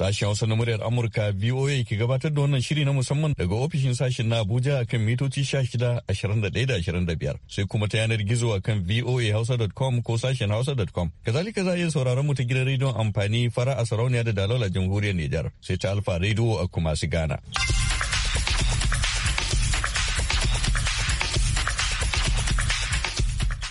Sashen Hausa na muryar Amurka BOA ke gabatar da wannan shiri na musamman daga ofishin sashen na Abuja akan mitoci shida 21 da da biyar sai kuma ta yanar gizo akan voahausa.com ko sashen hausa.com. Kazalika za a iya sauraron mu ta gidan rediyon amfani fara a sarauniya da dalola jamhuriyar Nijar sai ta Alfa rediyo a kuma su Ghana.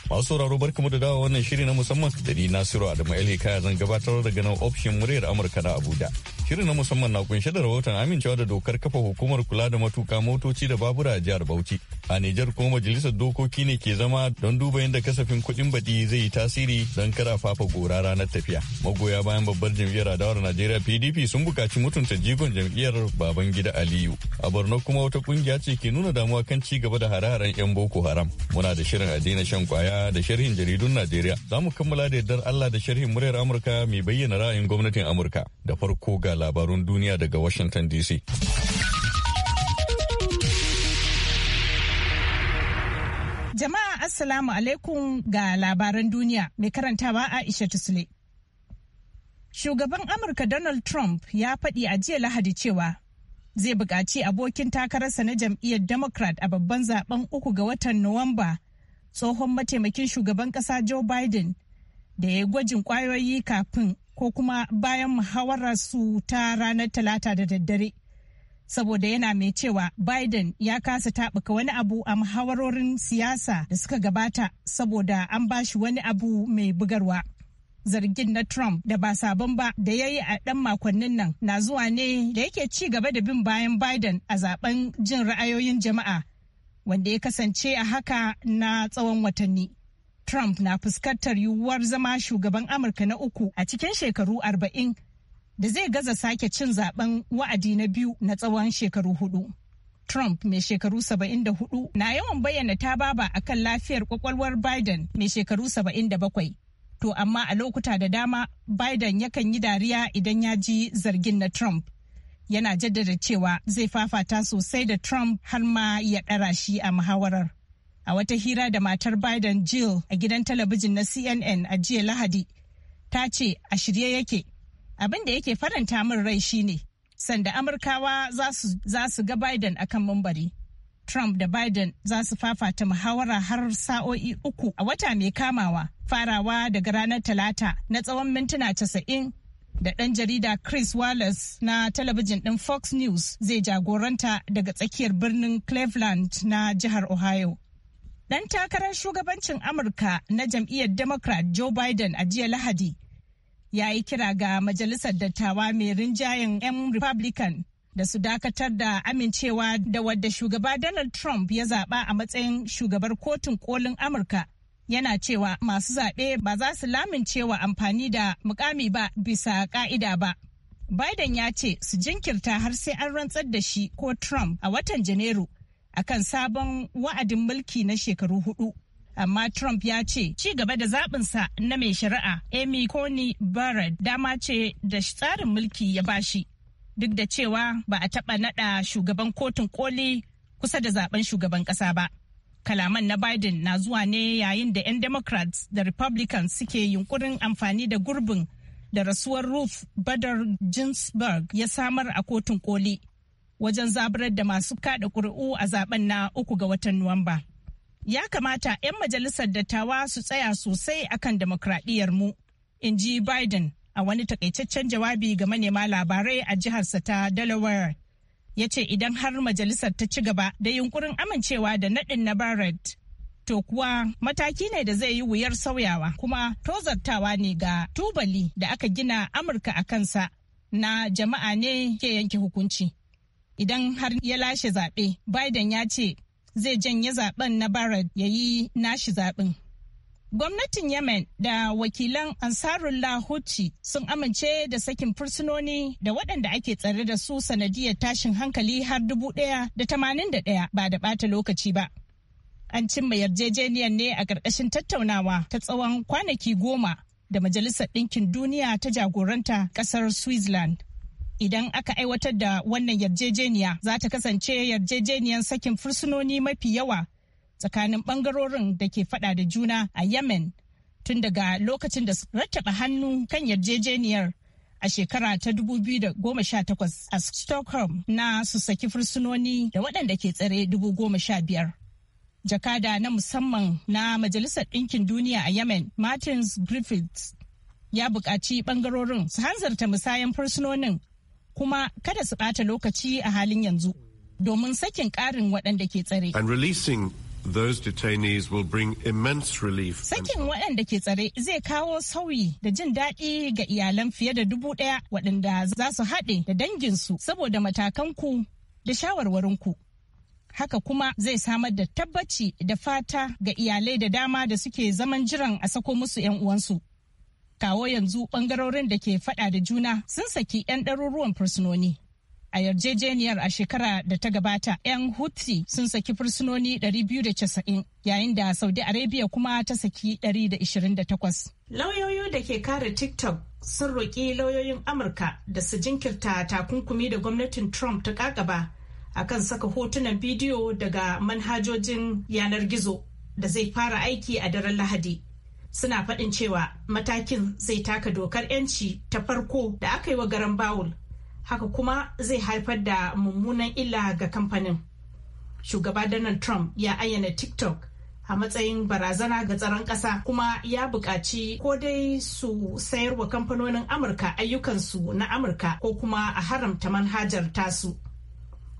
masu sauraro barkamu da dawa wannan shiri na musamman da ni nasiru adamu ali kaya zan gabatar daga nan ofishin muryar amurka na abuja shirin na musamman na kunshe da rahoton amincewa da dokar kafa hukumar kula da matuka motoci da babura a jihar bauchi a nijar kuma majalisar dokoki ne ke zama don duba yadda kasafin kuɗin baɗi zai yi tasiri don kara fafa gora ranar tafiya magoya bayan babbar jam'iyyar adawar najeriya pdp sun buƙaci mutunta jigon jam'iyyar babangida aliyu a borno kuma wata ƙungiya ce ke nuna damuwa kan ci gaba da hare-haren 'yan boko haram muna da shirin a daina shan kwaya da sharhin jaridun Najeriya. Za mu kammala da yardar Allah da sharhin muryar Amurka mai bayyana ra'ayin gwamnatin Amurka. Da farko ga labarun duniya daga Washington DC. Jama'a Assalamu alaikum ga labaran duniya mai karantawa Aisha Tusle. Shugaban Amurka Donald Trump ya faɗi a jiya Lahadi cewa zai buƙaci abokin takararsa na jam'iyyar democrat a babban zaben uku ga watan nuwamba tsohon mataimakin shugaban ƙasa Joe Biden da ya gwajin kwayoyi kafin ko kuma bayan muhawarar su ta ranar talata da daddare. Saboda yana mai cewa Biden ya kasa taɓuka wani abu a muhawarorin siyasa da suka gabata saboda an ba shi wani abu mai bugarwa. zargin na Trump da ba sabon ba da ya yi a ɗan makonnin nan na zuwa ne da yake ci gaba da bin bayan Biden a zaben jin ra'ayoyin jama'a wanda ya kasance a haka na tsawon watanni. Trump na fuskantar yiwuwar zama shugaban Amurka na uku a cikin shekaru arba'in da zai gaza sake cin zaben wa'adi na biyu na tsawon shekaru hudu. Trump mai shekaru hudu na yawan bayyana tababa a kan lafiyar kwakwalwar Biden mai shekaru saba'in da bakwai To amma a lokuta da dama Biden yakan yi dariya idan ya ji zargin na Trump. yana jaddada cewa zai fafata sosai da Trump har ma ya ɗara shi a muhawarar. A wata hira da matar Biden Jill a gidan talabijin na CNN a jiya Lahadi, ta ce a shirye yake, abin da yake faranta min rai shine sanda Amurkawa za su ga Biden akan mambari? Trump da Biden za su fafata muhawara har sa'o'i uku a wata mai kamawa farawa daga ranar Talata na tsawon mintuna casa'in da ɗan jarida Chris Wallace na talabijin ɗin Fox News zai jagoranta daga tsakiyar birnin Cleveland na jihar Ohio. Ɗan takarar shugabancin Amurka na jam'iyyar Democrat Joe Biden a jiya Lahadi ya yi kira ga majalisar dattawa mai rinjayen 'yan Republican da su dakatar da amincewa da wadda shugaba Donald Trump ya zaɓa a matsayin shugabar kotun kolin Amurka yana cewa masu zaɓe ba za su lamincewa amfani da mukami ba bisa ka'ida ba. Biden ya ce su jinkirta har sai an rantsar da shi ko Trump a watan Janairu a kan sabon wa'adin mulki na shekaru hudu. Amma Trump ya ce ci gaba da zaɓinsa na mai shari'a Amy Coney Barrett dama ce da tsarin mulki ya bashi. Duk da cewa ba a taɓa naɗa shugaban kotun koli kusa da zaben shugaban ƙasa ba. Kalaman na Biden na zuwa ne yayin da 'yan Democrats da Republicans suke yunkurin amfani da gurbin da rasuwar Ruth Bader Ginsburg ya samar a kotun koli wajen zaburar da masu kada ƙuri'u a zaben na uku ga watan Nuwamba. Ya kamata 'yan majalisar dattawa su tsaya sosai akan demokradiyyarmu, mu, in ji Biden a wani takaitaccen jawabi ga manema labarai a jihar sa ta Delaware ya ce idan har majalisar ta ci gaba da yunkurin amincewa da naɗin na barrett to kuwa mataki ne da zai yi wuyar sauyawa kuma tozartawa ne ga tubali da aka gina amurka a kansa na jama'a ne ke yanke hukunci idan har ya lashe zaɓe biden ya ce zai janye zaɓen na barrett ya yi nashi zaɓen Gwamnatin Yemen da wakilan Ansarullah Houthi sun amince da sakin fursunoni da waɗanda ake tsare da su sanadiyar tashin hankali har dubu ɗaya da tamanin da ɗaya ba da ɓata lokaci ba. An cimma yarjejeniyar ne a ƙarƙashin tattaunawa ta tsawon kwanaki goma da Majalisar Ɗinkin Duniya ta jagoranta ƙasar Switzerland. idan aka aiwatar da wannan yarjejeniya za ta kasance yarjejeniyar sakin fursunoni mafi yawa tsakanin bangarorin da ke fada da juna a Yemen tun daga lokacin da rattaba hannu kan yarjejeniyar a shekara ta 2018 a Stockholm na su saki fursunoni da waɗanda ke tsare 15,000. Jakada na musamman na Majalisar Ɗinkin Duniya a Yemen, Martins Griffiths, ya buƙaci bangarorin su hanzarta musayan fursunonin kuma kada su ɓata lokaci a halin yanzu domin sakin ƙarin waɗanda ke tsare. And releasing Those detainees will bring immense relief. Sakin waɗanda ke tsare zai kawo sauyi da jin daɗi ga iyalan fiye da dubu ɗaya waɗanda za su haɗe da danginsu saboda matakanku da shawarwarinku. Haka kuma zai samar da tabbaci da fata ga iyalai da dama da suke zaman jiran a sako musu 'yan uwansu. Kawo yanzu ɓangarorin da ke faɗa da juna sun saki 'yan ɗaruruwan fursunoni. a yarjejeniyar a shekara da ta gabata 'yan Houthi sun saki fursunoni 290 yayin da Saudi Arabia kuma ta saki 128. Lauyoyi da ke kare TikTok sun roƙi lauyoyin Amurka da su jinkirta takunkumi da gwamnatin Trump ta kakaba kan saka hotunan bidiyo daga manhajojin yanar gizo da zai fara aiki a daren Lahadi. Suna faɗin cewa matakin zai taka dokar 'yanci ta farko da aka yi wa garan Bawul haka kuma zai haifar da mummunan illa ga kamfanin shugaba donald trump ya ayyana tiktok a matsayin barazana ga tsaron ƙasa kuma ya buƙaci ko dai su sayarwa kamfanonin amurka ayyukansu na amurka ko kuma a haramta manhajar tasu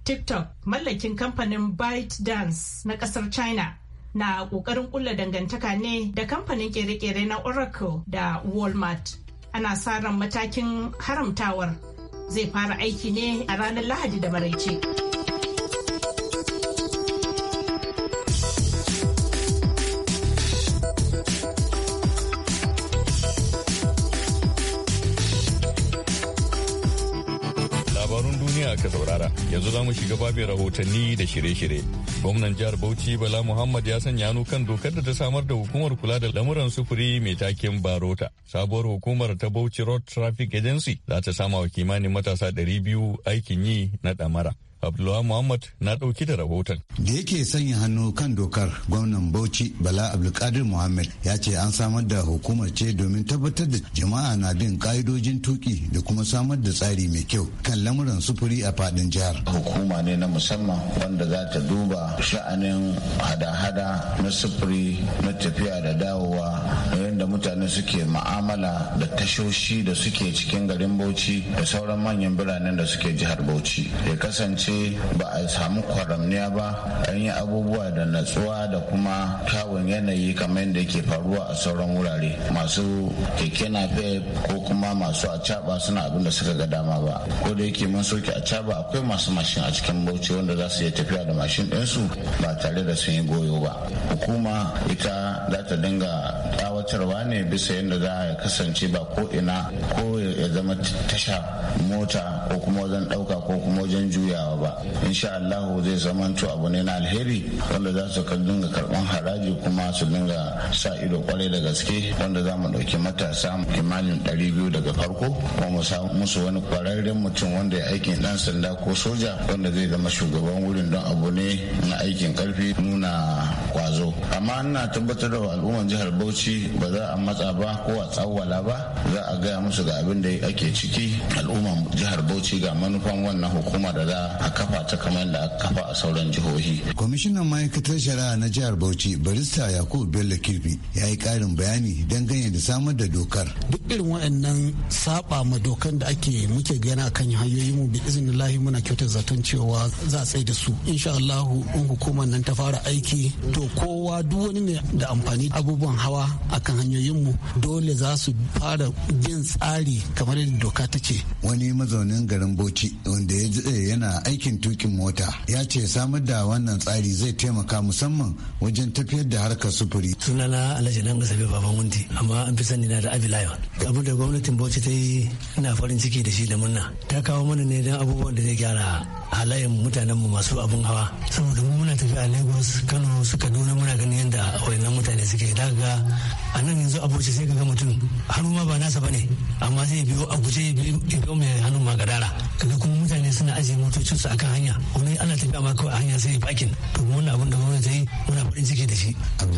tiktok mallakin kamfanin ByteDance na ƙasar china na ƙoƙarin ƙulla dangantaka ne da kamfanin kere-kere na oracle da walmart ana sa ran matakin haramtawar zai fara aiki ne a ranar lahadi da maraice. yanzu za mu shiga babin rahotanni da shirye-shirye. Gwamnan jihar Bauchi Bala Muhammad ya sanya hannu kan dokar da ta samar da hukumar kula da lamuran sufuri mai taken Barota. Sabuwar hukumar ta Bauchi Road Traffic Agency za ta sama wa kimanin matasa 200 aikin yi na ɗamara. Abdullahi Muhammad na ɗauki da rahoton. Da yake sanya hannu kan dokar gwamnan Bauchi Bala Abdulkadir Muhammad ya ce an samar da hukumar ce domin tabbatar da jama'a na bin ka'idojin tuki da kuma samar da tsari mai kyau kan lamuran sufuri a faɗin jihar. Hukuma ne na musamman wanda za ta duba sha'anin hada-hada na sufuri na tafiya da dawowa yadda mutane suke ma'amala da tashoshi da suke cikin garin Bauchi da sauran manyan biranen da suke jihar Bauchi. Ya kasance ce ba a samu kwaramniya ba an yi abubuwa da natsuwa da kuma kyawun yanayi kamar yadda ke faruwa a sauran wurare masu keke nafe ko kuma masu acaba suna abin da suka ga dama ba ko da yake mun soke acaba akwai masu mashin a cikin bauchi wanda za su iya tafiya da mashin ɗinsu ba tare da sun yi goyo ba hukuma ita za ta dinga tsawatarwa ne bisa yadda za a kasance ba ko ina ko ya zama tasha mota ko kuma wajen ɗauka ko kuma wajen juyawa ba insha Allah zai zamanto abu ne na alheri wanda za su dinga karban haraji kuma su dinga sa ido kwarai da gaske wanda za mu ɗauki matasa kimanin ɗari biyu daga farko kuma mu sa musu wani kwararren mutum wanda ya aikin ɗan sanda ko soja wanda zai zama shugaban wurin don abu ne na aikin karfi nuna kwazo amma ina tabbatar da al'umman jihar bauchi ba za a matsa ba ko a tsawwala ba za a gaya musu ga abin da ake ciki al'umman jihar bauchi ga manufan wannan hukuma da za a a kafa ta kamar da aka kafa a sauran jihohi. Kwamishinan ma'aikatar shari'a na jihar Bauchi barista Yakubu Bello Kirbi ya yi ƙarin bayani dangane da samar da dokar. Duk irin waɗannan saɓa ma dokan da ake muke a akan hanyoyin mu bi izinin lahi muna kyauta zaton cewa za a tsaye da su. Insha Allahu in hukumar nan ta fara aiki to kowa duk wani ne da amfani abubuwan hawa akan hanyoyin mu dole za su fara bin tsari kamar yadda doka ta ce. Wani mazaunin garin Bauchi wanda ya yana aiki aikin tukin mota ya ce samar da wannan tsari zai taimaka musamman wajen tafiyar da harkar sufuri sunana alhaji dan gasabe baban wundi amma an fi sani na da abilayon abin da gwamnatin bauchi ta yi ina farin ciki da shi da murna ta kawo mana ne don abubuwan da zai gyara halayen mutanenmu masu abun hawa saboda mu muna tafiya a lagos kano su kaduna muna ganin yadda wayannan mutane suke da ga a nan yanzu abuci sai ga mutum hannu ma ba nasa bane amma zai biyo a guje ya biyo mai hannun ma gadara kuma mutane suna ajiye motocinsu a akan hanya wani ana tafiya ma kawai hanya sai bakin to na abin da mun ta yi muna farin ciki da shi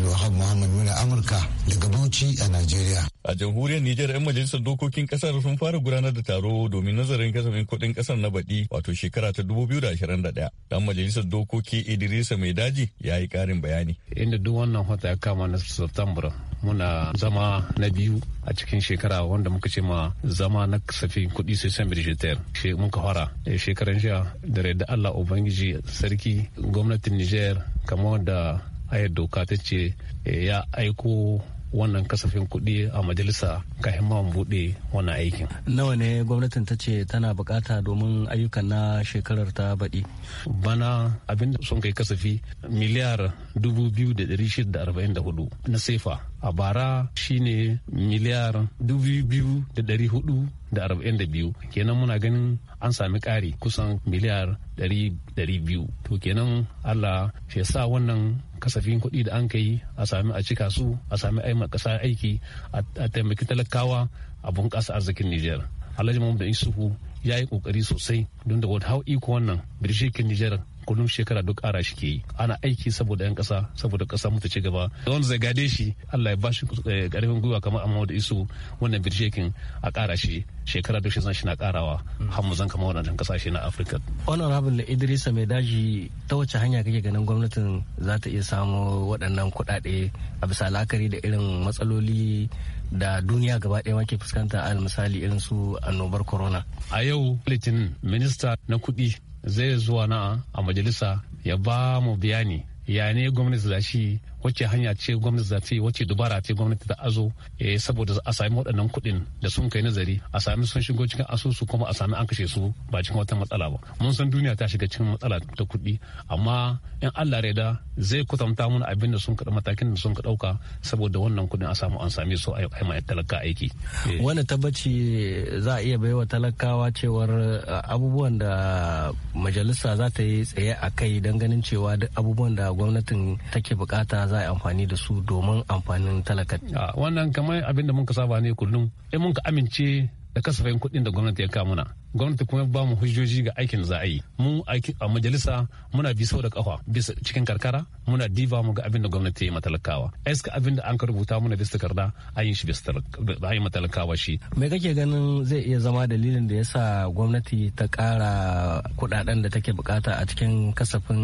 Wahab muhammad muna amurka daga bauchi a najeriya a jamhuriyar Niger ɗan majalisar dokokin ƙasar sun fara gudanar da taro domin nazarin kasafin kuɗin ƙasar na baɗi wato shekara ta 2021 ɗan majalisar dokoki idrisa mai daji ya yi ƙarin bayani inda duk wannan wata ya kama na September muna zama na biyu a cikin shekara wanda muka ce ma zama na kasafin kuɗi sai san mun ka muka fara eh, shekaran jiya da da Allah Ubangiji sarki gwamnatin Niger kamar da ayar doka ta ce eh, ya aiko wannan kasafin kuɗi a majalisa kafin ma buɗe wannan aikin. Nawa ne gwamnatin ta ce tana bukata domin ayyukan na shekarar ta baɗi? Bana abinda sun kai kasafi miliyar 2,644 na sefa. a bara shine miliyar biyu da da da dari hudu arba'in biyu kenan muna ganin an sami ƙari kusan miliyar dari biyu to kenan allah shi sa wannan kasafin kuɗi da an kai a sami a cika su a sami aima ƙasa aiki a taimaki talakawa a bunƙasa arzikin nijar alhaji muhammadu isuhu ya yi ƙoƙari sosai don da wata hau iko wannan birshikin nijar kullum shekara duk ƙara shi ke yi ana aiki saboda yan ƙasa saboda ƙasa mutu ci gaba wanda zai gade shi Allah ya ba shi eh, ƙarfin gwiwa kamar Ahmadu Isu wannan birjekin a ƙara shi shekara duk shi shi na ƙarawa hmm. har mu zan kama waɗannan ƙasashe na Afirka. Honorable Idrisa Mai Daji ta wace hanya kake ganin gwamnatin za ta iya samo waɗannan kuɗaɗe a bisa la'akari da irin matsaloli da duniya gaba ɗaya wake fuskanta al misali irin su annobar corona. A yau Litinin minista na kuɗi zai zuwa na a majalisa ya ba mu bayani ya ne gwamnati za shi wacce hanya ce gwamnati za ta yi wacce dubara ce gwamnati ta azo eh, saboda a sami waɗannan kuɗin da sun kai nazari a sami sun shigo cikin asusu kuma a sami an kashe su ba cikin wata matsala ba mun san duniya ta shiga cikin matsala ta kuɗi amma in Allah reda zai kusanta mana abin da sun kaɗa matakin da sun ka ɗauka saboda wannan kuɗin a samu an same su a ma talaka aiki. Eh. wani tabbaci za a iya baiwa talakawa cewar eh, abubuwan da majalisa za ta yi tsaye a kai don ganin cewa duk abubuwan da gwamnatin take bukata za a yi amfani da su domin amfanin talaka. Wannan kamar abin da muka saba ne kullum in muka amince da kasafin kuɗin da gwamnati ya kamuna. gwamnati kuma ba mu hujjoji ga aikin za a yi mu a majalisa muna bi sau da kafa bisa cikin karkara muna diva mu ga abinda da gwamnati ya matalakawa eska abin da an ka rubuta muna bisa takarda a yi shi bisa matalakawa shi mai kake ganin zai iya zama dalilin da yasa gwamnati ta kara kudaden da take bukata a cikin kasafin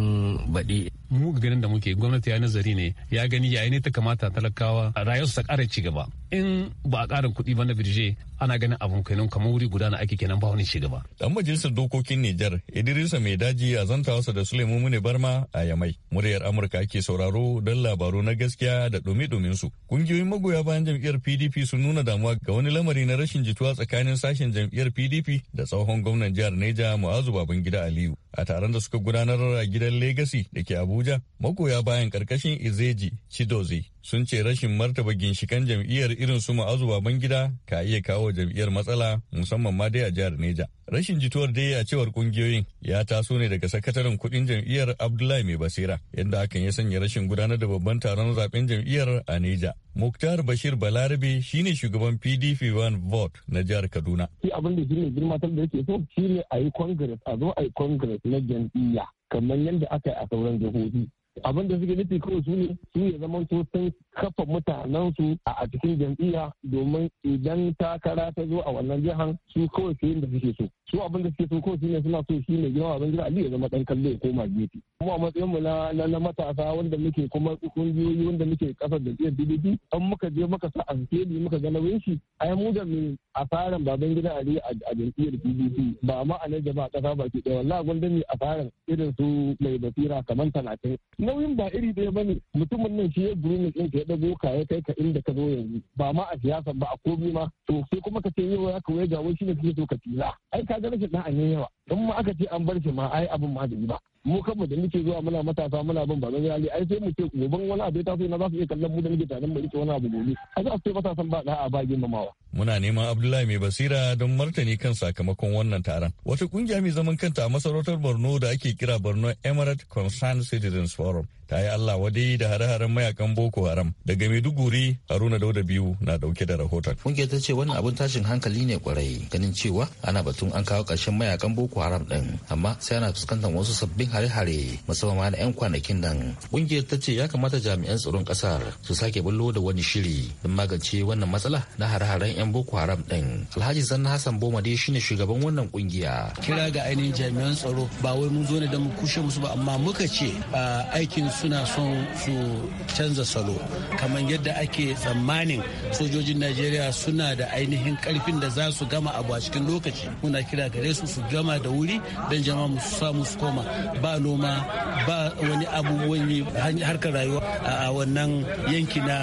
baɗi mu ga ganin da muke gwamnati ya nazari ne ya gani yayi ne ta kamata talakawa rayuwar ta kara ci gaba in ba a karin kuɗi ba na birje ana ganin abun kenan kamar wuri guda na ake kenan ba wani shida ba. Dan majalisar dokokin Nijar Idrisa mai daji a wasa da Suleiman Mune Barma a Yamai. Muryar Amurka ake sauraro don labaru na gaskiya da dumi-dumin su. Kungiyoyin magoya bayan jam'iyyar PDP sun nuna damuwa ga wani lamari na rashin jituwa tsakanin sashen jam'iyyar PDP da tsohon gwamnan jihar Neja Mu'azu Babangida Aliyu. a taron da suka gudanar a gidan Legacy da ke Abuja, magoya bayan karkashin Izeji Chidoze sun ce rashin martaba ginshikan jam'iyyar irin su ma'azu gida ka iya kawo jam'iyyar matsala musamman ma dai a jihar Neja. Rashin jituwar dai a cewar kungiyoyin ya taso ne daga sakataren kudin jam'iyyar Abdullahi Mai Basira, yadda hakan ya sanya rashin gudanar da babban taron zaben jam'iyyar a Neja. Muktar Bashir Balarabe shine shugaban PDP One Vote na jihar Kaduna. Shi abin da shine girmatar da yake so shine a yi Congress, a zo a yi na jam'iyya kamar yadda aka yi a sauran jihohi. Abin da suke nufi kawai su ne su ya zama sun kafa mutanensu a cikin jam'iyya domin idan takara ta zo a wannan jihar su kawai su yin da suke so su abin da suke so kawai shine suna so shi ne gina abin gida aliyu ya zama dan kallo ya koma gefe kuma a matsayin mu na matasa wanda muke kuma kungiyoyi wanda muke kasar da jiyar dbd an muka je muka sa alheri muka ga nauyin shi ai mu da mu asaran baban gida ali a jam'iyyar dbd ba ma a nan jama'a kasa ba ke daya wallahi gwanda ne asaran irin su mai basira kamar talatin nauyin ba iri ɗaya bane mutumin nan shi ya gurin ne ya ɗago ka ya kai ka inda ka zo yanzu ba ma a siyasa ba a komi ma to sai kuma ka ce yau ya kawai ga wai shine kake so ka tila ai ka ga rashin ne yawa in ma aka ce an bar shi ma ai abin ma da yi ba mu kanmu da muke zuwa muna matasa muna bin ba zai ai sai mu ce goban wani abu ya taso na za su iya kallon mu da muke tare mu wani abu gobe a za su ce matasan ba da'a a ba girmamawa. muna neman abdullahi mai basira don martani kan sakamakon wannan taron wata kungiya mai zaman kanta a masarautar borno da ake kira borno emirate concerned citizens forum ta yi allah wadai da hare-haren mayakan boko haram daga maiduguri haruna dauda biyu na dauke da rahoton kungiyar ta ce wannan abun tashin hankali ne kwarai ganin cewa ana batun an kawo karshen mayakan boko haram din amma sai ana fuskantar wasu sabbin hare-hare musamman na 'yan kwanakin nan ƙungiyar ta ce ya kamata jami'an tsaron kasar su sake bullo da wani shiri don magance wannan matsala na hare-haren 'yan boko haram ɗin alhaji zanna hassan bomade shine shugaban wannan kungiya kira ga ainihin jami'an tsaro ba wai mun zo ne don mu kushe musu ba amma muka ce aikin suna son su canza salo kamar yadda ake tsammanin sojojin najeriya suna da ainihin karfin da za su gama abu a cikin lokaci muna kira gare su su gama da wuri don jama'a su samu su koma ba noma ba wani abubuwan yi harkar rayuwa a wannan yanki na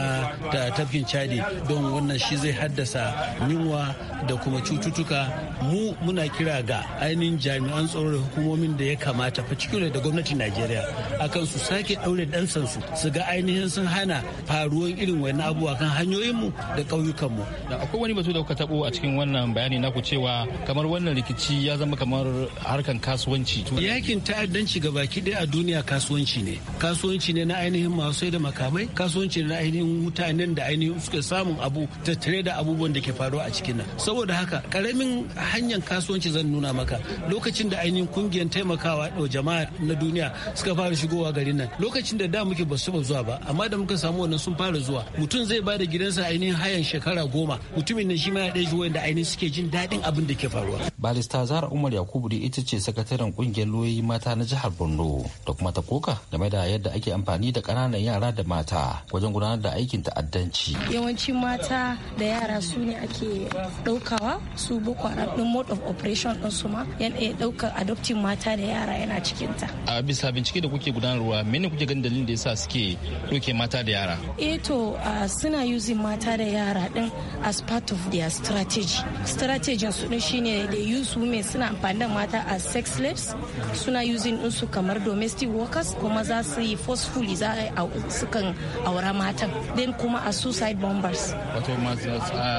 tafkin chadi don wannan shi zai haddasa yunwa da kuma cututtuka mu muna kira ga ainihin jami'an tsaro da hukumomin da ya kamata particular da gwamnatin najeriya akan su sake daure ɗansansu su ga ainihin sun hana faruwan irin wani abubuwa kan hanyoyinmu da ƙauyukanmu akwai wani batu da kuka tabo a cikin wannan bayani naku cewa kamar wannan rikici ya zama kamar harkan kasuwanci yakin ta'addan kasuwanci ga baki ɗaya a duniya kasuwanci ne kasuwanci ne na ainihin masu sai da makamai kasuwanci ne na ainihin mutanen da ainihin suke samun abu tattare da abubuwan da ke faruwa a cikin nan saboda haka karamin hanyar kasuwanci zan nuna maka lokacin da ainihin kungiyar taimakawa da jama'a na duniya suka fara shigowa garin nan lokacin da da muke ba su zuwa ba amma da muka samu wannan sun fara zuwa mutum zai ba da gidansa ainihin hayan shekara goma mutumin nan shi ma ya ɗaya shi wanda ainihin suke jin daɗin abin da ke faruwa. balista zara umar yakubu da ita ce sakataren kungiyar loyoyi mata na jihar borno da kuma ta koka game da yadda ake amfani da ƙananan yara da mata wajen gudanar da aikin ta'addanci yawanci mata da yara su ne ake ɗaukawa su boko haram ɗin mode of operation ɗin su ma yana iya ɗaukar adopting mata da yara yana cikinta a bisa bincike da kuke gudanarwa mene kuke ganin dalilin da yasa suke ɗauke mata da yara eh to suna using mata da yara ɗin as part of their strategy strategy su ɗin shine da use women suna amfani da mata as sex slaves suna using su kamar domestic workers kuma za su yi forcefully za a sukan aura matan then kuma a suicide bombers wato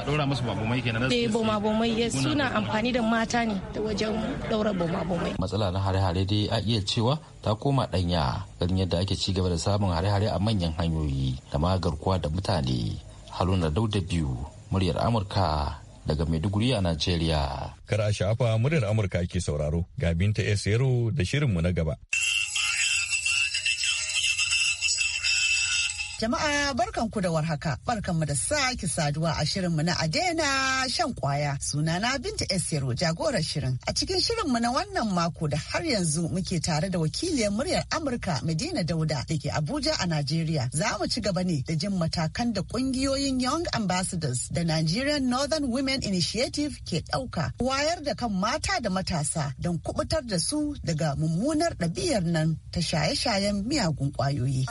daura masu ke kenan eh, da bomai suna amfani da mata ne da wajen bomai bomai. matsala na hare-hare dai a iya cewa ta koma ɗanya ganin yadda ake ci gaba da samun hare-hare a manyan hanyoyi da ma garkuwa da mutane haruna dauda biyu muryar amurka daga Maiduguri a Najeriya. Kar a shafa muryar Amurka ke sauraro ga Binta Esero da shirinmu na gaba. Jama'a ku da warhaka, barkanmu da sake saduwa a shirinmu na Adena shan kwaya. na Binta Esero jagorar shirin. A cikin shirinmu na wannan mako da har yanzu muke tare da wakiliyar muryar Amurka Medina Dauda da ke Abuja a Najeriya. Za mu ci gaba ne da jin matakan da kungiyoyin Young Ambassadors da Nigerian Northern Women Initiative ke ɗauka. Wayar da kan mata da matasa don kubutar da su daga mummunar ɗabi'ar nan ta shaye-shayen miyagun ƙwayoyi.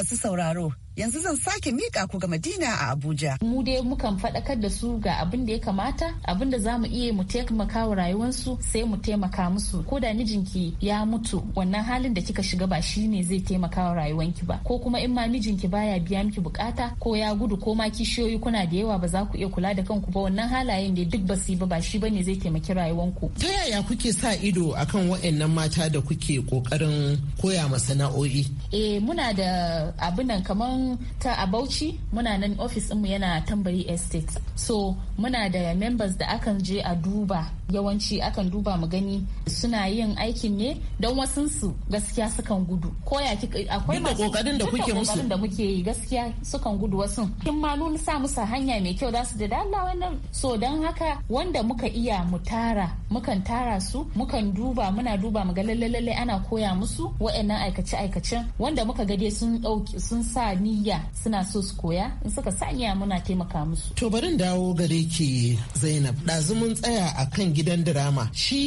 masu sauraro yanzu zan sake mika ku ga Madina a Abuja. Mu dai mukan faɗakar da su ga abin da ya kamata, abin da za mu iya mu taimaka wa rayuwarsu sai mu taimaka musu. Ko da mijinki ya mutu wannan halin da kika shiga ba shi ne zai taimaka wa rayuwanki ba. Ko kuma in ma mijinki baya biya miki bukata ko ya gudu ko ma kishiyoyi kuna da yawa ba za ku iya kula da kanku ba wannan halayen da duk basu ba ba shi bane zai taimaki rayuwanku. Ta yaya kuke sa ido akan waɗannan mata da kuke kokarin koya ma sana'o'i? Eh muna da abin nan kamar ta a Bauchi muna nan ofis ɗinmu yana tambari estate so muna da members da akan je a duba yawanci akan duba mu gani suna yin aikin ne don wasunsu gaskiya sukan gudu ko ya akwai masu kokarin da kuke musu da muke yi gaskiya sukan gudu wasun kin ma nuna sa musu hanya mai kyau da su da Allah wannan so don haka wanda muka iya mu tara mukan tara su mukan duba muna duba mu ga lalle ana koya musu wa'annan aikace aikacen wanda muka ga dai dauki sun sa ni niyya suna so su koya in suka sanya muna taimaka musu to barin dawo gare ki zainab ɗazu mun tsaya a kan gidan dirama shi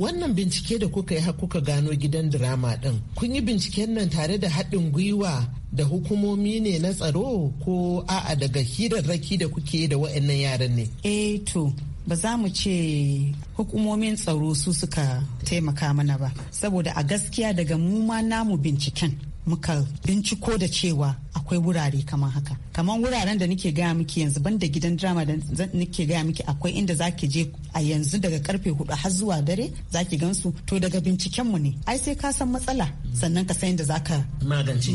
wannan bincike da kuka yi har kuka gano gidan dirama ɗin kun yi binciken nan tare da haɗin gwiwa da hukumomi ne na tsaro ko a'a daga hirarraki da kuke da wa'annan yaran ne eh to ba za mu ce hukumomin tsaro su suka taimaka mana ba saboda a gaskiya daga mu ma namu binciken muka binciko da cewa akwai wurare kamar haka kamar wuraren da nake gaya miki yanzu ban da gidan drama da nake gaya miki akwai inda zaki je a yanzu daga karfe hudu har zuwa dare zaki gansu to daga binciken mu ne ai sai ka san matsala sannan ka san yadda zaka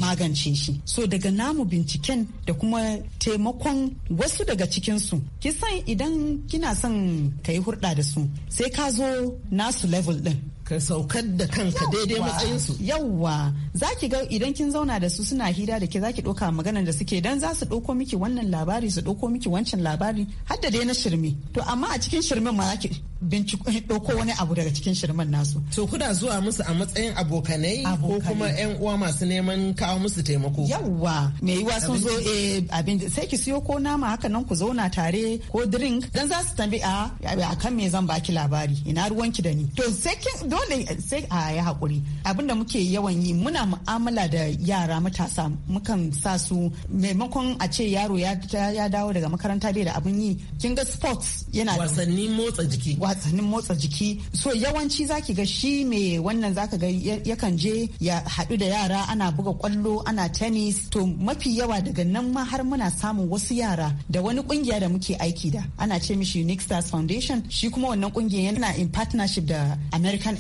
magance shi so daga namu binciken da kuma taimakon wasu daga cikin su kisan idan kina son ka yi hurɗa da su sai ka zo nasu level din ka saukar da kanka daidai matsayinsu. Yawwa za ki ga idan kin zauna da su suna hira da ke zaki ki ɗauka maganar da suke dan za su ɗauko miki wannan labari su ɗauko miki wancan labari har da dai na shirme. To amma a cikin shirmen ma za ki eh, ɗauko wani abu daga cikin shirmen nasu. To kuna zuwa musu a matsayin abokanai ko kuma ƴan uwa masu neman kawo musu taimako. Yawwa me yiwa sun zo eh abin sai ki siyo ko nama haka nan ku zauna tare ko drink dan za su tambi a ah, kan me zan baki labari ina ruwanki da ni. To sai kin dole sai a yi haƙuri abinda muke yawan yi muna mu'amala da yara matasa mukan sa su maimakon a ce yaro ya dawo daga makaranta bai da abin yi kin ga sports yana wasannin motsa jiki wasannin motsa jiki so yawanci zaki ga shi me wannan zaka ga yakan je ya haɗu da yara ana buga kwallo ana tennis to mafi yawa daga nan ma har muna samun wasu yara da wani kungiya da muke aiki da ana ce mishi Nick Stars Foundation shi kuma wannan kungiya yana in partnership da American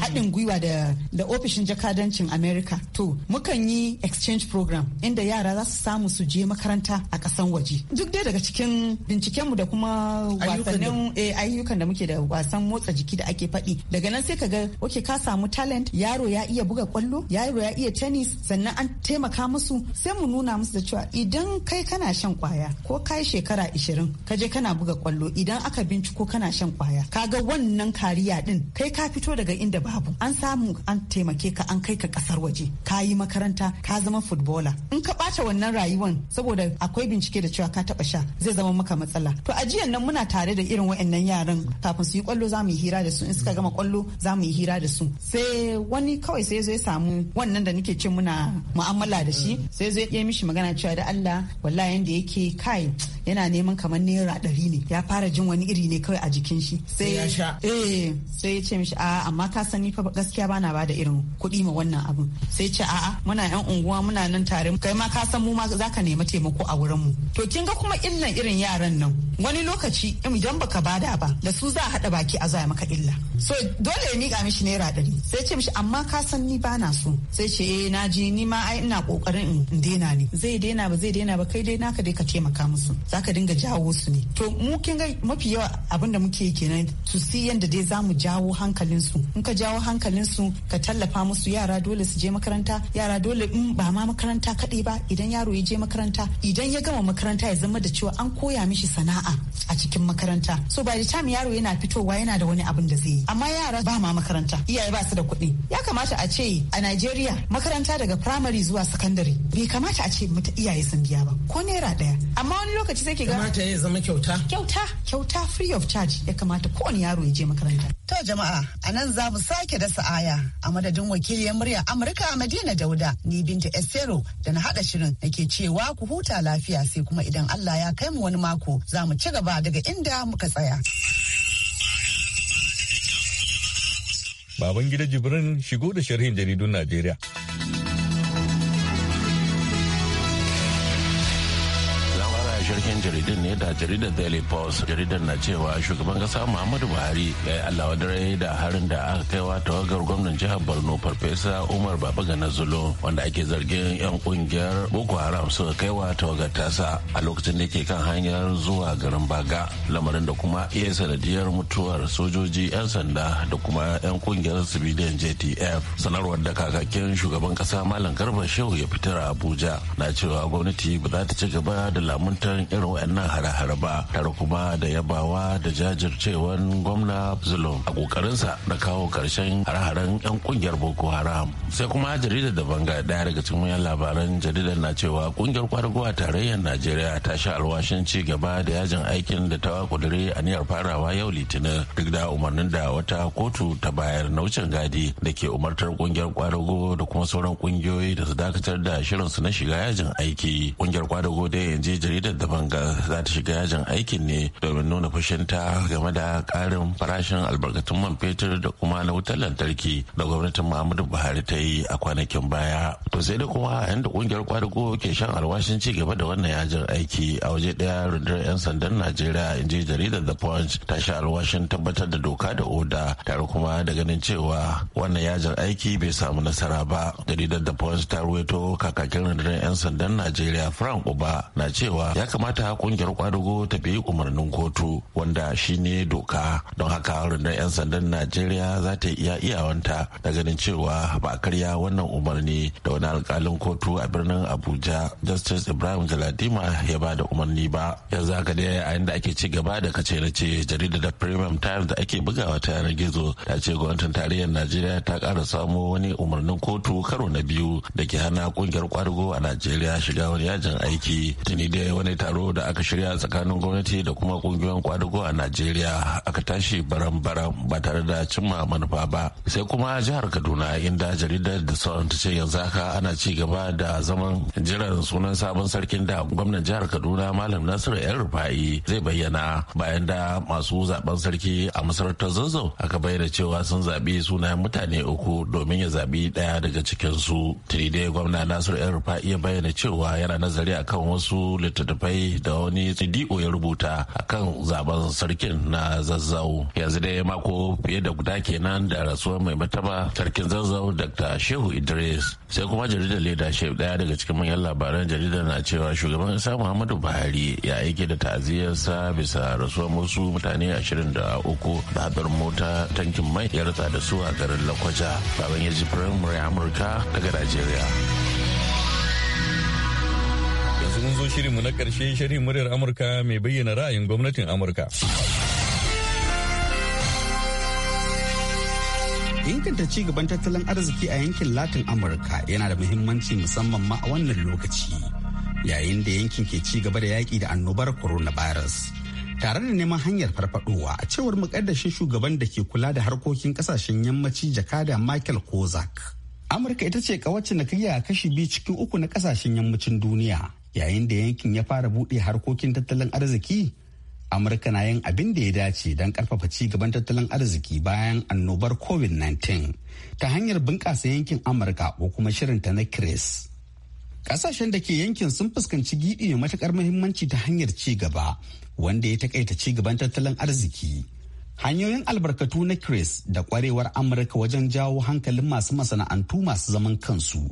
haɗin gwiwa da ofishin jakadancin america to mukan yi exchange program inda yara za su samu su je makaranta a ƙasan waje duk dai daga cikin bincikenmu da kuma wasannin eh, ayyukan da muke da wasan motsa jiki da ake faɗi daga nan sai ka ga oke ka samu talent yaro ya iya buga kwallo yaro ya iya tennis sannan an taimaka musu sai mu nuna musu da cewa idan kai kana shan kwaya ko kai shekara 20 ka je kana buga kwallo idan aka binciko kana shan kwaya ka ga wannan kariya din kai ka fito daga inda babu an samu an taimake ka an kai ka kasar waje ka yi makaranta ka zama footballer in ka ɓata wannan rayuwan saboda akwai bincike da cewa ka taɓa sha zai zama maka matsala to a jiyan nan muna tare da irin waɗannan yaran kafin su yi kwallo za mu yi hira da su in suka gama kwallo za mu yi hira da su sai wani kawai sai zo ya samu wannan da nake ce muna mu'amala da shi sai zo ya mishi magana cewa da Allah wallahi yanda yake kai yana neman kamar naira ɗari ne ya fara jin wani iri ne kawai a jikin shi sai ya sha eh sai ya ce mishi ce a'a amma ka sani fa gaskiya bana ba da irin kuɗi ma wannan abin sai ce a'a muna yan unguwa muna nan tare kai ma ka san mu ma za ka nemi taimako a wurin mu to kin ga kuma illan irin yaran nan wani lokaci idan baka bada ba da su za a haɗa baki a zaya maka illa so dole ya miƙa mishi naira ɗari sai ce mishi amma ka san ni bana so sai ce eh na ji ni ma ai ina kokarin in daina ne zai daina ba zai daina ba kai dai naka dai ka taimaka musu Za ka dinga jawo su ne to mu kin ga mafi yawa abin da muke kenan su yanda dai za mu jawo hankali hankalinsu in ka jawo hankalinsu ka tallafa musu yara dole su je makaranta yara dole in ba ma makaranta kaɗai ba idan yaro ya je makaranta idan ya gama makaranta ya zama da cewa an koya mishi sana'a a cikin makaranta so by the time yaro yana fitowa yana da wani abin da zai yi amma yara ba ma makaranta iyaye ba su da kuɗi ya kamata a ce a Najeriya makaranta daga primary zuwa secondary bai kamata a ce mata iyaye sun biya ba ko naira ɗaya amma wani lokaci sai ke ga kamata ya zama kyauta kyauta kyauta free of charge ya kamata kowane yaro ya je makaranta to jama'a A nan za mu sake dasa aya a madadin wakiliyar muryar Amurka Madina Dauda ni Binta Estero da na hada shirin da ke cewa ku huta lafiya sai kuma idan Allah ya kai mu wani mako za mu ci gaba daga inda muka tsaya. babangida Jibrin shigo da sharhin jaridun Najeriya. jaridar ne da jaridar daily post jaridar na cewa shugaban kasa muhammadu buhari ya yi allawa da harin da aka kai wa tawagar gwamnan jihar borno farfesa umar na zulo wanda ake zargin yan kungiyar boko haram suka kaiwa tawagar tasa a lokacin da ke kan hanyar zuwa garin baga lamarin da kuma iya sanadiyar mutuwar sojoji 'yan sanda da kuma 'yan kungiyar civilian jtf sanarwar da kakakin shugaban kasa malam garba shehu ya fitar a abuja na cewa gwamnati ba za ta ci gaba da lamuntar irin wannan hare-hare ba tare kuma da yabawa da jajircewan gwamna zulum a kokarinsa na kawo karshen hare-haren 'yan ƙungiyar boko haram sai kuma jaridar da banga daya daga cikin wayan labaran jaridar na cewa ƙungiyar a tarayyar najeriya ta sha alwashin ci gaba da yajin aikin da ta a niyyar farawa yau litinin duk da umarnin da wata kotu ta bayar na wucin gadi da ke umartar kungiyar kwadago da kuma sauran kungiyoyi da su dakatar da shirinsu na shiga yajin aiki ƙungiyar kwadago dai yanzu jaridar da banga za ta shiga yajin aikin ne domin nuna fushinta game da karin farashin albarkatun man fetur da kuma na wutar lantarki da gwamnatin muhammadu buhari ta yi a kwanakin baya to sai da kuma a yanda ƙungiyar kwadago ke shan alwashin ci gaba da wannan yajin aiki a waje daya rundunar 'yan sandan najeriya in ji jaridar the punch ta sha alwashin tabbatar da doka da oda tare kuma da ganin cewa wannan yajin aiki bai samu nasara ba jaridar the punch ta ruwaito kakakin rundunar 'yan sandan najeriya frank uba na cewa ya kamata kungiyar kwadago ta bi umarnin kotu wanda shine doka don haka rundunar 'yan sandan najeriya za ta iya iyawanta da ganin cewa ba karya wannan umarni da wani alkalin kotu a birnin abuja justice ibrahim galadima ya ba da umarni ba yanzu haka dai yayin da ake ci gaba da kace na ce jaridar da premium times da ake bugawa ta yanar gizo ta ce gwamnatin tarayyar najeriya ta kara samo wani umarnin kotu karo na biyu da ke hana kungiyar kwadago a najeriya shiga wani yajin aiki tuni dai wani taro da aka aka shirya tsakanin gwamnati da kuma kungiyoyin kwadugo a najeriya aka tashi baran-baran ba tare da cimma manufa ba sai kuma jihar kaduna inda jaridar da sauran ta ce yanzu haka ana ci gaba da zaman jiran sunan sabon sarkin da gwamnan jihar kaduna malam nasiru yan rufa'i zai bayyana bayan da masu zaben sarki a masarautar zazzau aka bayyana cewa sun zaɓi sunayen mutane uku domin ya zaɓi ɗaya daga cikinsu su dai gwamna nasiru yan rufa'i ya bayyana cewa yana nazari akan wasu littattafai da wani digo ya rubuta a kan zaben sarkin na zazzau yanzu dai mako fiye da guda kenan da rasuwar mai mataba sarkin zazzau dr shehu idris sai kuma jaridar leda shef daya daga cikin manyan labaran jaridar na cewa shugaban isa muhammadu buhari ya aike da ta'aziyarsa bisa rasuwar wasu mutane ashirin da uku hadar mota tankin mai ya rasa da su a garin lakwaja baban ya ji firamare amurka daga nigeria. mun zo mu na ƙarshe shirin muryar Amurka mai bayyana ra'ayin gwamnatin Amurka. Inganta ci gaban tattalin arziki a yankin Latin Amurka yana da muhimmanci musamman ma a wannan lokaci yayin da yankin ke ci gaba da yaƙi da annobar coronavirus. Tare da neman hanyar farfadowa a cewar mukaddashin shugaban da ke kula da harkokin kasashen yammaci jakada Michael Kozak. Amurka ita ce kawacce na kashi biyu cikin uku na kasashen yammacin duniya yayin da yankin ya fara buɗe harkokin tattalin arziki amurka na yin abin da ya dace don karfafa ci gaban tattalin arziki bayan annobar covid-19 ta hanyar bunƙasa yankin amurka ko kuma shirinta na chris ƙasashen da ke yankin sun fuskanci giɗi mai matuƙar muhimmanci ta hanyar ci gaba wanda ya takaita ci gaban tattalin arziki hanyoyin albarkatu na chris da kwarewar amurka wajen jawo hankalin masu masana'antu masu zaman kansu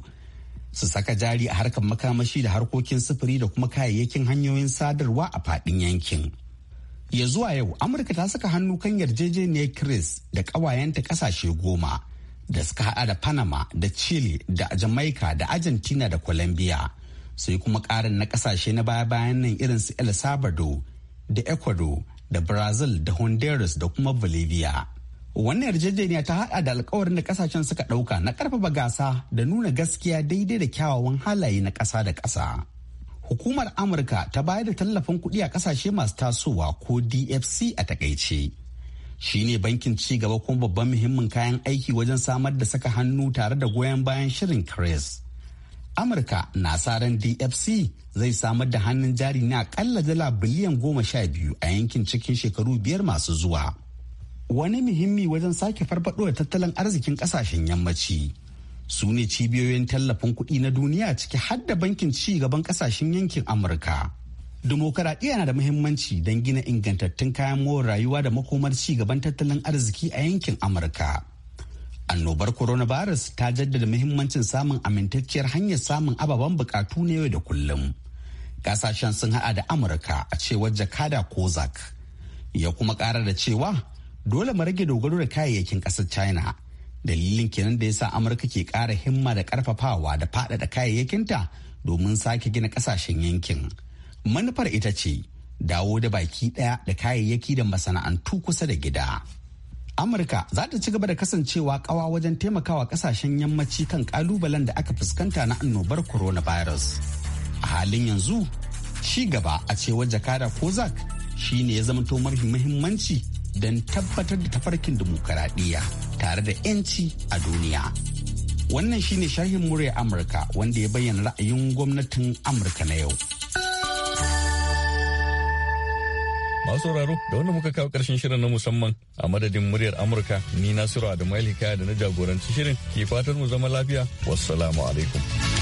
su saka jari a harkar makamashi da harkokin sufuri da kuma kayayyakin hanyoyin sadarwa a faɗin yankin. Ya zuwa yau, Amurka ta saka hannu kan yarjejeniyar Chris da ƙawayenta ƙasashe goma da suka haɗa da Panama da Chile da Jamaica da Argentina da Colombia. Sai kuma ƙarin na ƙasashe na baya-bayan nan irin su El Salvador da Ecuador da Brazil da Honduras da kuma Bolivia. wannan yarjejeniya ta hada da alkawarin da kasashen suka dauka na karfafa gasa da nuna gaskiya daidai da kyawawan halaye na kasa da kasa hukumar amurka ta bayar da tallafin kuɗi a kasashe masu tasowa ko dfc a takaice shine bankin ci gaba kuma babban muhimmin kayan aiki wajen samar da saka hannu tare da goyon bayan shirin chris amurka na sa ran dfc zai samar da hannun jari na akalla dala biliyan goma sha biyu a yankin cikin shekaru biyar masu zuwa wani muhimmi wajen sake farfado da tattalin arzikin kasashen yammaci su ne cibiyoyin tallafin kuɗi na duniya ciki har da bankin ci gaban kasashen yankin amurka dimokuraɗiyya na da muhimmanci don gina ingantattun kayan more rayuwa da makomar ci gaban tattalin arziki a yankin amurka annobar coronavirus ta jaddada muhimmancin samun amintacciyar hanyar samun ababen bukatu na yau da kullum kasashen sun haɗa da amurka a cewar jakada kozak ya kuma ƙara da cewa dole mu rage dogaro da kayayyakin ƙasar china dalilin kenan da yasa amurka ke ƙara himma da ƙarfafawa da faɗaɗa kayayyakinta domin sake gina ƙasashen yankin manufar ita ce dawo da baki ɗaya da kayayyaki da masana'antu kusa da gida amurka za ta ci gaba da kasancewa ƙawa wajen taimakawa kasashen yammaci kan ƙalubalen da aka fuskanta na annobar coronavirus a halin yanzu shi gaba a cewar jakada kozak shine ya zama muhimmanci don tabbatar da tafarkin dimokuraɗiyya tare da 'yanci a duniya. Wannan shine shahin murya Amurka wanda ya bayyana ra'ayin gwamnatin Amurka na yau. Masu sauraro da wanda muka kawo karshen shirin na musamman a madadin muryar Amurka ni Nasiru Adamu Alhika da na jagoranci shirin ke fatar mu zama lafiya. Wassalamu alaikum.